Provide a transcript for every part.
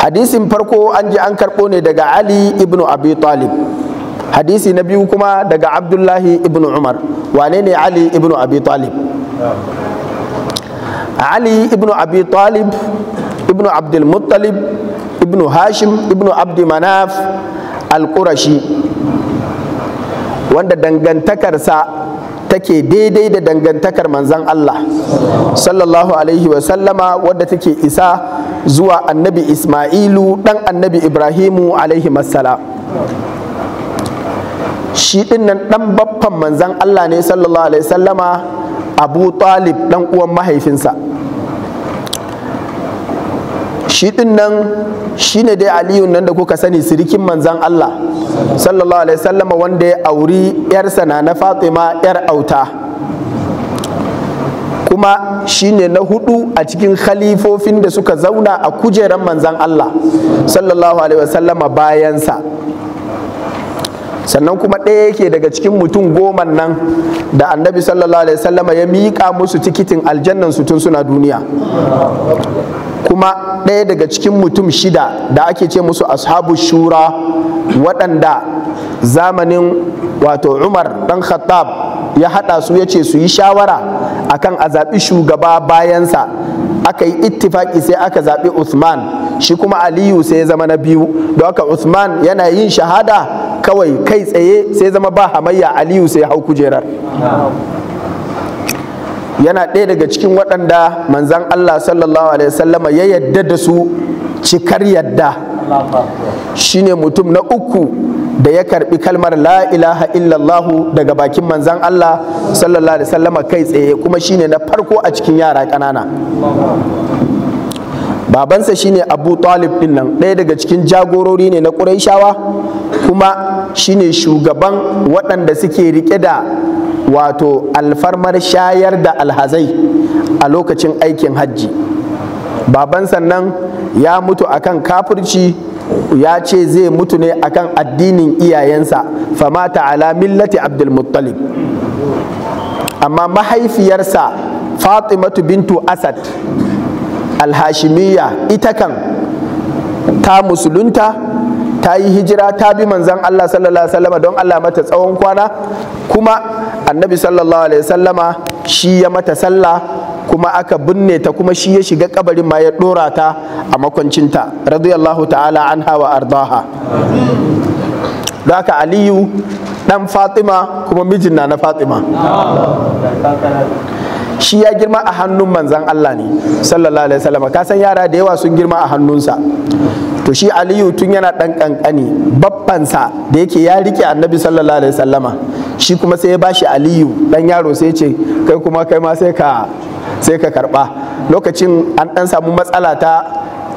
hadisin farko an ji an karɓo ne daga ali ibnu abi talib hadisi na biyu kuma daga abdullahi ibnu umar wane ne ali ibnu abi talib ali ibnu abi talib ibnu abdulmuttalib ibnu hashim ibn abdi manaf al-qurashi wanda dangantakarsa take daidai da dangantakar manzan allah sallallahu alaihi wasallama wadda take isa zuwa annabi ismailu ɗan annabi ibrahimu alaihi masala. shi ɗin nan ɗan baffan manzan allah ne sallallahu alaihi sallama abu talib ɗan uwan mahaifinsa shi ɗin nan shi ne dai aliyun nan da kuka sani sirikin manzan allah sallallahu alaihi sallama wanda ya auri 'yarsa na na fatima 'yar auta kuma shine na hudu a cikin khalifofin da suka zauna a kujeran manzan Allah sallallahu alaihi wasallama bayansa sannan kuma ɗaya yake daga cikin mutum goma nan da annabi sallallahu alaihi wasallama ya miƙa musu tikitin aljannan su tun suna duniya kuma ɗaya daga cikin mutum shida da ake ce musu ashabu shura waɗanda zamanin wato umar ɗan khattab ya haɗa su ya ce su yi shawara akan a zaɓi shugaba bayansa aka yi ittifaki sai aka zaɓi Usman shi kuma Aliyu sai ya zama na biyu Da haka Usman yana yin shahada kawai kai tsaye sai zama ba hamayya Aliyu sai hau kujerar yana ɗaya daga cikin waɗanda manzan Allah sallallahu alaihi wasallama ya yadda da su cikar yadda ne mutum na uku da ya karbi kalmar la ilaha illallahu daga bakin manzan Allah sallallahu alaihi sallama kai tsaye kuma shi ne na farko a cikin yara ƙanana babansa shi ne abu talib din nan ɗaya daga cikin jagorori ne na ƙuraishawa kuma shi ne shugaban waɗanda suke rike da wato alfarmar shayar da alhazai a lokacin aikin hajji baban sannan ya mutu akan kafirci ya ce zai mutu ne akan addinin iyayensa famata ala millati abdulmuttalib amma mahaifiyarsa fatimatu bintu asad alhashimiyya ita kan ta musulunta ta yi hijira ta bi manzan Allah sallallahu alaihi wasallama don Allah mata tsawon kwana kuma annabi sallallahu alaihi wasallama shi ya mata sallah kuma aka binne ta kuma shi ya shiga kabarin ma ya dora ta a makwancinta radiyallahu ta'ala an hawa ardaha haka aliyu dan fatima kuma mijin na na fatima shi ya girma a hannun manzan Allah ne sallallahu alaihi wasallam ka san yara da yawa sun girma a hannunsa to shi aliyu tun yana dan kankani babbansa da yake ya rike annabi sallallahu alaihi wasallama shi kuma sai ya bashi aliyu dan yaro sai ya ce kai kuma kai ma sai ka sai ka karba lokacin an dan samu matsala ta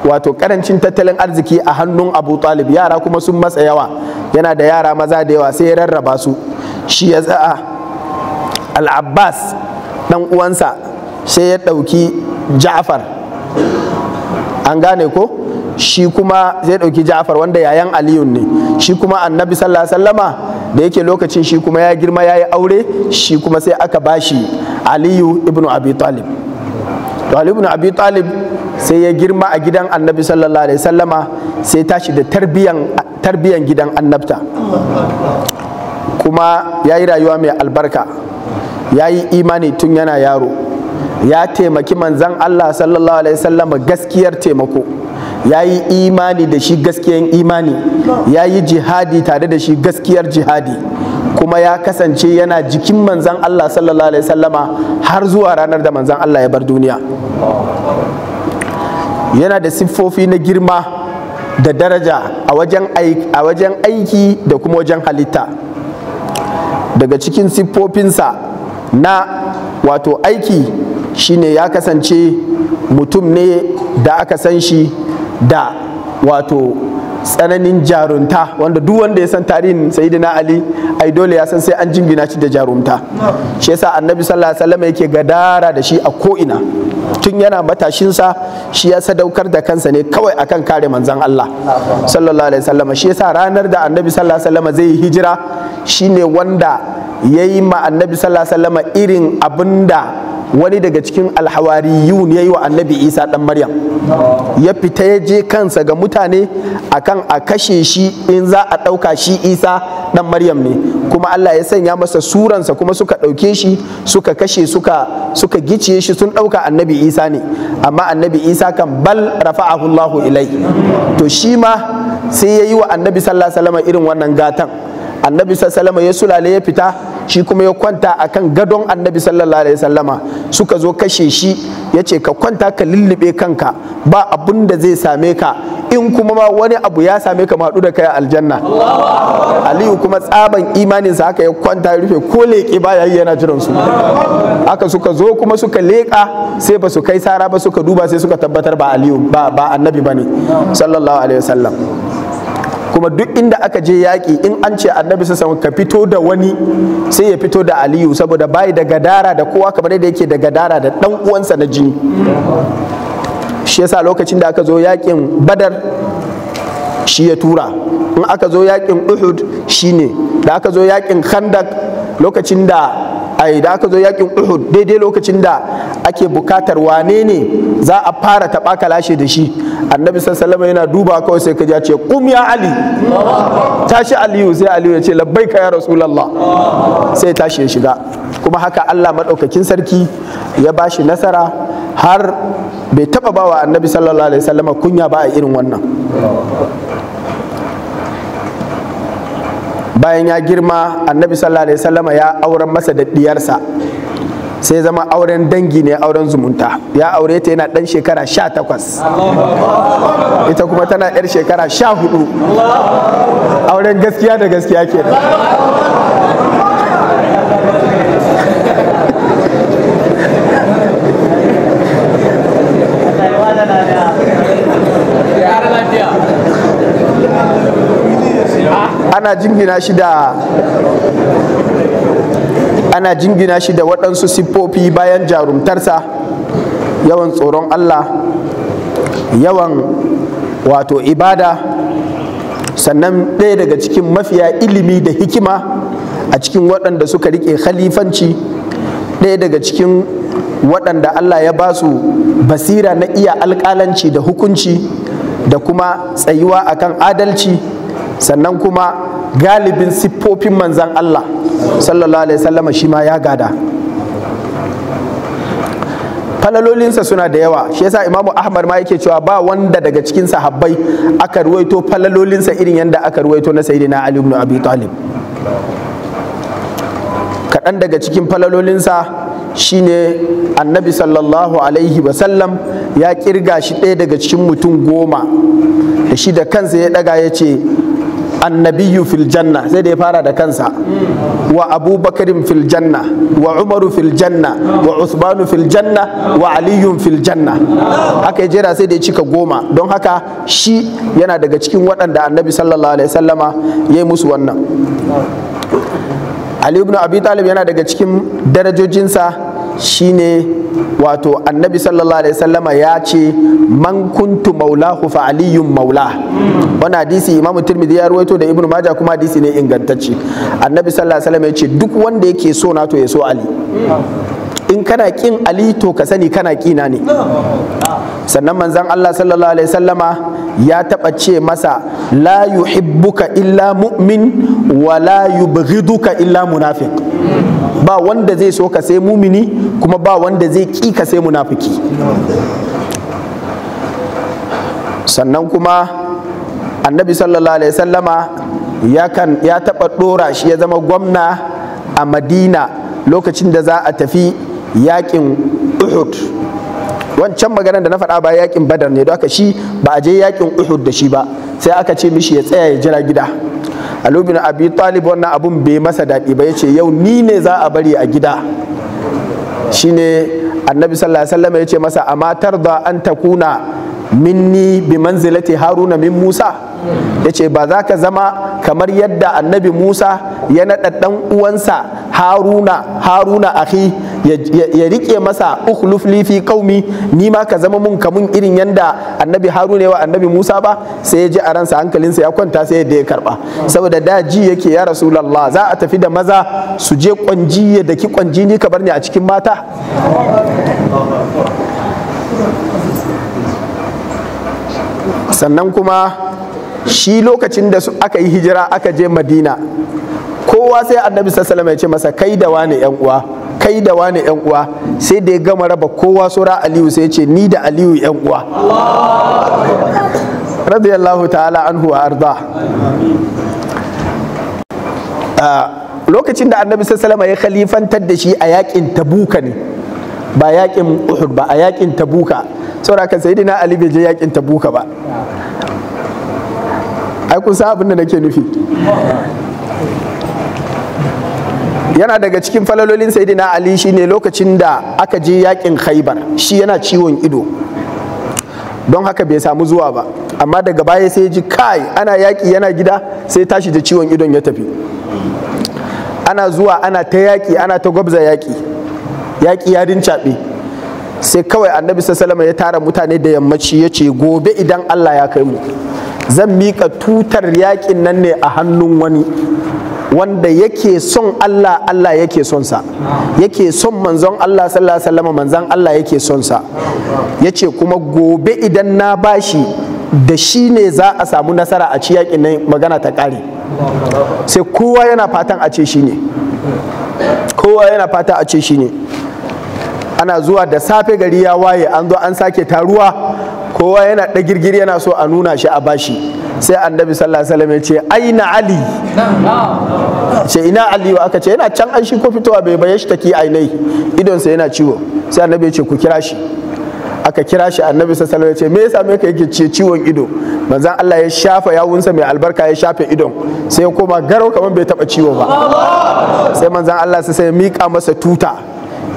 wato karancin tattalin arziki a hannun abu talib yara kuma sun matsa yawa yana da yara maza da yawa sai ya rarraba su shi ya za'a ah, al-abbas dan uwansa sai ya ɗauki ja'far an gane ko shi kuma zai ɗauki ja'far wanda yayan aliyun ne shi kuma annabi sallallahu alaihi wasallama da yake lokacin shi kuma ya girma ya yi aure shi kuma sai aka bashi aliyu Ibn abi talib to aliyu Ibn abi talib sai ya girma a gidan annabi sallallahu alaihi sallama sai tashi da tarbiyan gidan annabta kuma ya yi rayuwa mai albarka ya yi imani tun yana yaro ya taimaki manzan allah sallallahu alaihi sallama gaskiyar taimako ya yi imani da shi gaskiyar imani ya yi jihadi tare da shi gaskiyar jihadi kuma ya kasance yana jikin manzan Allah sallallahu alaihi sallama har zuwa ranar da manzan Allah ya bar duniya yana da siffofi na girma da daraja a wajen aiki da kuma wajen halitta daga cikin siffofinsa na wato aiki shine ya kasance mutum ne da aka san shi da wato tsananin jarunta wanda duk wanda ya san tarihin sayyidina ali ai dole ya san sai an jingina shi da jarumta. shi yasa annabi sallallahu alaihi wasallam yake gadara da shi a ko ina tun yana matashinsa shi ya sadaukar da kansa ne kawai akan kare manzon Allah sallallahu alaihi wasallam shi yasa ranar da annabi sallallahu alaihi wasallam zai hijira shine wanda yayi ma annabi sallallahu alaihi wasallam irin abinda wani daga cikin alhawariyun ya yi wa annabi isa ɗan maryam ya fita ya je kansa ga mutane akan a kashe shi in za a ɗauka shi isa ɗan maryam ne kuma allah ya sanya masa suransa kuma suka ɗauke shi suka kashe suka suka shi sun ɗauka annabi isa ne amma annabi isa kan bal Rafa'ahullahu ilai to shi ma sai ya yi wa annabi sallallahu alaihi irin wannan gatan annabi sallallahu alaihi ya sulale ya fita shi kuma ya kwanta akan gadon annabi sallallahu alaihi sallama suka zo kashe shi ya ce ka kwanta ka lullube kanka ba abun da zai same ka in kuma ma wani abu ya same ka maɗu da kai aljanna aliyu kuma tsaban imaninsa haka ya kwanta ya rufe ko leƙe ba yayi yana jiran su haka suka zo kuma suka leƙa sai ba su kai sara ba suka duba sai suka tabbatar ba aliyu ba annabi bane sallallahu alaihi wasallam kuma duk inda aka je yaƙi in an ce annabi sun ka fito da wani sai ya fito da aliyu saboda bayi da gadara da kowa kamar da yake da gadara da ɗan uwansa na jini shi yasa lokacin da aka zo yaƙin badar shi ya tura in aka zo yaƙin uhud shi ne da aka zo yaƙin khandak lokacin da ai da aka zo yakin uhud daidai lokacin da ake bukatar wane ne za a fara taɓa kalashe da shi annabi sallallahu yana duba kawai sai ka ce kum ya ali tashi aliyu sai aliyu ya ce labbaika ya rasulullah sai tashi ya shiga kuma haka Allah madaukakin sarki ya bashi nasara har bai taɓa bawa annabi sallallahu alaihi wasallam kunya ba a irin wannan bayan ya girma annabi sallallahu alaihi wasallama ya auren masa da diyarsa sai zama auren dangi ne auren zumunta ya aure ta yana dan shekara sha ita kuma tana yar shekara sha hudu auren gaskiya da gaskiya kenan ana jingina shi da ana jingina shi da waɗansu siffofi bayan jarumtarsa yawan tsoron Allah yawan wato ibada sannan ɗaya daga cikin mafiya ilimi da hikima a cikin waɗanda suka riƙe khalifanci ɗaya daga cikin waɗanda Allah ya ba su basira na iya alƙalanci da hukunci da kuma tsayuwa akan adalci sannan kuma galibin siffofin manzan Allah sallallahu alaihi wasallama shi ma ya gada falalolinsa suna da yawa shi yasa imamu ahmad ma yake cewa ba wanda daga cikin sahabbai aka ruwaito falalolinsa irin yadda aka ruwaito na sayyidina ali ibn abi talib kaɗan daga cikin falalolinsa shine annabi sallallahu alaihi wasallam ya kirga shi ɗaya daga cikin mutum goma da shi da kansa ya ɗaga ya ce Annabiyu fil janna sai dai fara da kansa wa abubakarin fil janna wa umaru fil janna wa usmanu fil janna wa aliyun fil janna yi jera sai dai cika goma don haka shi yana daga cikin waɗanda annabi sallallahu alaihi sallama ya yi musu wannan ali ibn abi talib yana daga cikin darajojinsa shine wato annabi sallallahu alaihi wasallama ya ce man kuntu maulahu fa aliyun maula wani hadisi imamu tirmidhi ya ruwaito da ibnu maja kuma hadisi ne ingantacce annabi sallallahu alaihi wasallama ya ce duk wanda yake so na to ya so ali in kana kin ali to ka sani kana kina ne sannan manzan Allah sallallahu alaihi sallama ya taɓa ce masa la yuhibbuka illa mu'min wa la yubghiduka illa munafiq ba wanda zai so ka sai mumini kuma ba wanda zai ki ka sai munafiki sannan kuma annabi sallallahu alaihi sallama ya taɓa ɗora shi ya zama gwamna a madina lokacin da za a tafi yakin uhud wancan maganar da na faɗa ba yakin badar ne aka shi ba a je yakin uhud da shi ba sai aka ce mishi ya tsaya ya jira gida Ali bin Abi Talib wannan abun bai masa daɗi ba yace yau ni ne za a bari a gida shine annabi sallallahu alaihi wasallam yace masa matar da an takuna minni bi manzilati haruna min musa ya ce ba za ka zama kamar yadda annabi musa ya naɗa ɗan uwansa haruna haruna ahi ya rike masa ukhluf li fi qaumi ni ma ka zama mun kamun irin yadda annabi haruna wa annabi musa ba sai ya ji a ransa hankalinsa ya kwanta sai ya ya karba saboda da ji yake ya rasulullah za a tafi da maza su je kwanji ya daki kwanji ni ka bar ni a cikin mata sannan kuma shi lokacin da aka yi hijira aka je madina kowa sai annabi sassalama ya ce masa kai da wane yan uwa kai da wane yan uwa sai da ya gama raba kowa sura aliyu sai ce ni da aliyu yan uwa radiyallahu ta'ala anhu wa arda lokacin da annabi sassalama ya khalifantar da shi a yakin tabuka ne ba yakin uhud ba a yakin tabuka saboda sai dina ali bai je yakin tabuka ba ai kun san abin da nake nufi yana daga cikin falalolin saidina ali shi ne lokacin da aka je yakin khaibar shi yana ciwon ido don haka bai samu zuwa ba amma daga baya sai ji kai ana yaki yana gida sai tashi da ciwon idon ya tafi ana zuwa ana ta yaki ana ta gwabza yaki yaki ya rincaɓe sai kawai annabi sallama ya tara mutane da yammaci ya ce gobe idan allah ya kai mu zan miƙa tutar yaƙin nan ne a hannun wani wanda yake son Allah Allah yake son sa yake son manzon Allah sallallahu alaihi wasallam manzon Allah yake son sa yace kuma gobe idan na bashi da shi ne za a samu nasara a ci yakin nan magana ta kare sai kowa yana fatan a ce shi ne kowa yana fata a ce shi ne ana zuwa da safe gari ya waye an zo an sake taruwa kowa yana da girgiri yana so a nuna shi a bashi sai annabi sallallahu alaihi wasallam ce aina ali ce ina ali aka ce yana can an shi ko fitowa bai bayan shi take ainai idon sa yana ciwo sai annabi ya ce ku kira shi aka kira shi annabi sallallahu alaihi wasallam ya ce me yasa me yake ce ciwon ido manzon Allah ya shafa yawunsa mai albarka ya shafe idon sai ya koma garau kamar bai taba ciwo ba sai manzon Allah sai ya mika masa tuta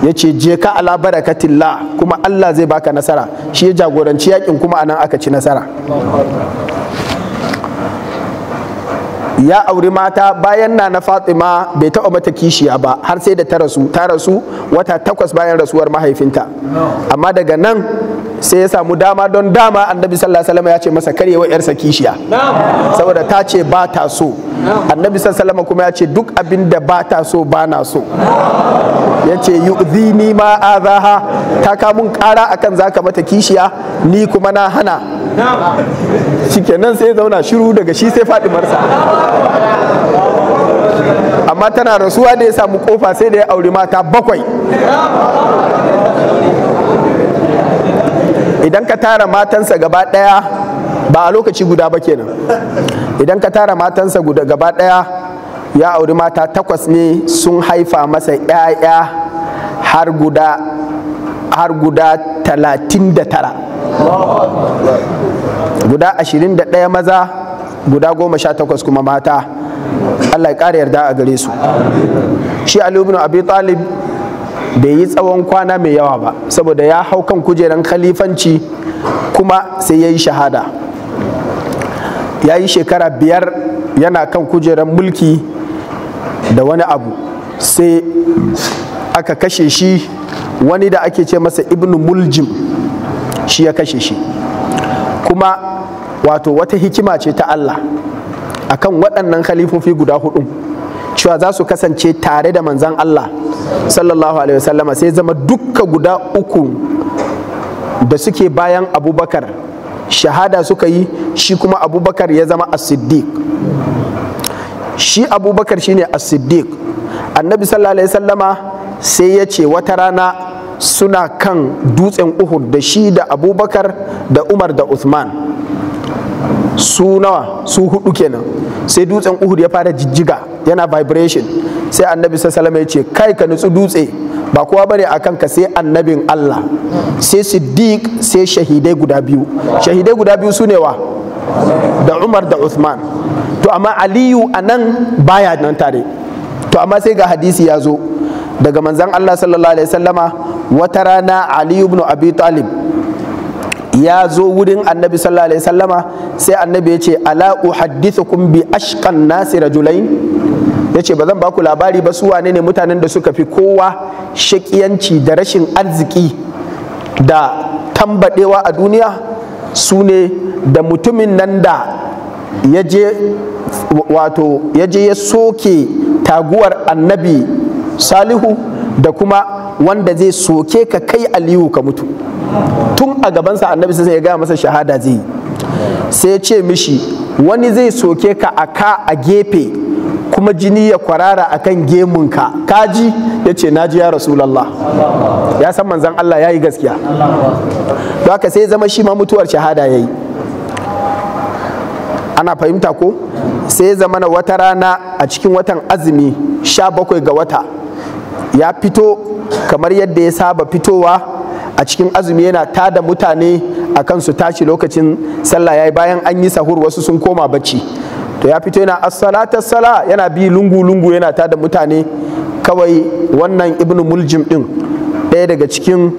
ya ce je ka ala barakatillah kuma Allah zai baka nasara shi ya jagoranci yakin kuma anan aka ci nasara ya auri mata bayan na na fatima bai taɓa mata kishiya ba har sai da ta rasu ta rasu wata takwas bayan rasuwar mahaifinta amma daga nan sai ya samu dama don dama annabi sallallahu alaihi ya ce masa kar yarsa kishiya saboda ta ce ba ta so annabi sallallahu alaihi kuma ya ce duk abin da ba ta so ba na so yace ce yu'zini ma azaha ta mun kara akan zaka mata kishiya ni kuma na hana shikenan sai zauna shiru daga shi sai marsa amma tana rasuwa da ya samu kofa sai da ya auri mata bakwai idan ka tara matansa gaba daya ba a lokaci guda ba kenan idan ka tara matansa gaba daya ya auri mata takwas ne sun haifa masa 'ya'ya har guda har guda talatin da tara guda ashirin da ɗaya maza guda goma sha takwas kuma mata allah ya ƙara yarda a gare su shi ali ibn abi talib bai yi tsawon kwana mai yawa ba saboda ya hau kan kujeran khalifanci kuma sai ya yi shahada ya yi shekara biyar yana kan kujeran mulki da wani abu sai aka kashe shi wani da ake ce masa Ibn muljim shi ya kashe shi kuma wato wata hikima ce ta Allah akan waɗannan khalifofi guda hudu cewa za su kasance tare da manzan Allah sallallahu alaihi wasallama sai zama dukka guda uku da suke bayan abubakar shahada suka yi shi kuma abubakar ya zama as-siddiq shi abubakar shine a siddiq annabi sallallahu alaihi sallama sai ya ce wata rana suna kan dutsen uhud da shi da abubakar da umar da uthman su nawa su hudu kenan sai dutsen uhud ya fara jijjiga yana vibration sai annabi sallallahu ya ce kai ka nutsu dutse ba kowa bane a kanka sai annabin allah sai siddiq sai shahidai guda biyu shahidai guda biyu su ne wa da umar da usman to amma aliyu a nan baya nan tare to amma sai ga hadisi ya zo daga manzan allah sallallahu alaihi wasallama wata rana aliyu ibn abi talib ya zo wurin annabi sallallahu alaihi wasallama sai annabi ya ce ala uhaddithukum bi ashqan nasi rajulain ya ce ba zan baku labari ba su wane ne mutanen da suka fi kowa shakiyanci da rashin arziki da tambadewa a duniya su ne da mutumin nan da ya je wato ya je ya soke taguwar annabi salihu da kuma wanda zai soke ka kai aliyu ka mutu tun a gabansa annabi sai ya gaya masa shahada zai sai ya ce mishi wani zai soke ka a ka a gefe kuma jini ya kwarara a kan gemunka kaji ya ce naji ya rasulallah ya san manzan Allah ya yi gaskiya haka sai zama shi ma mutuwar shahada ya yi ana fahimta ko sai zama wata rana a cikin watan azumi sha bakwai ga wata ya fito kamar yadda ya saba fitowa a cikin azumi yana tada mutane a kan su tashi lokacin sallah yayi bayan an yi sahur wasu sun koma bacci to ya fito yana asalatar sala yana bi lungu lungu yana tada mutane kawai wannan ibnu muljim din ɗaya daga cikin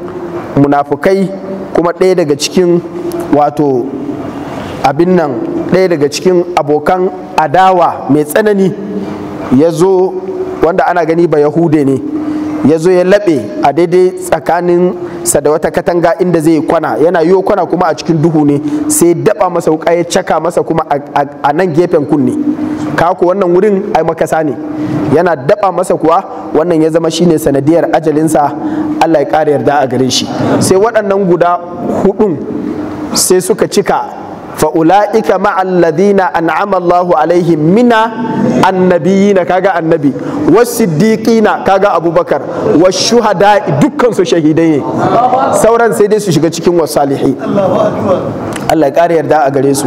munafukai kuma ɗaya daga cikin wato abin nan ɗaya daga cikin abokan adawa mai tsanani ya zo wanda ana gani ba yahude ne ya zo ya laɓe a daidai tsakanin sa da wata katanga inda zai kwana yana yiwo kwana kuma a cikin duhu ne sai daba masa wuka ya caka masa kuma a nan gefen kunne kako wannan wurin ai makasa ne yana daɓa masa kuwa wannan ya zama shine sanadiyar ajalinsa Allah ya ƙara yarda a gare shi sai waɗannan guda hudun sai suka cika Wa ulaika an'ama an'amallahu alaihim mina annabiyina kaga annabi wa wasiddiqina kaga abubakar washuhada dukkan su shahidai ne sauran sai dai su shiga cikin wasalihi Allah ya yarda a gare su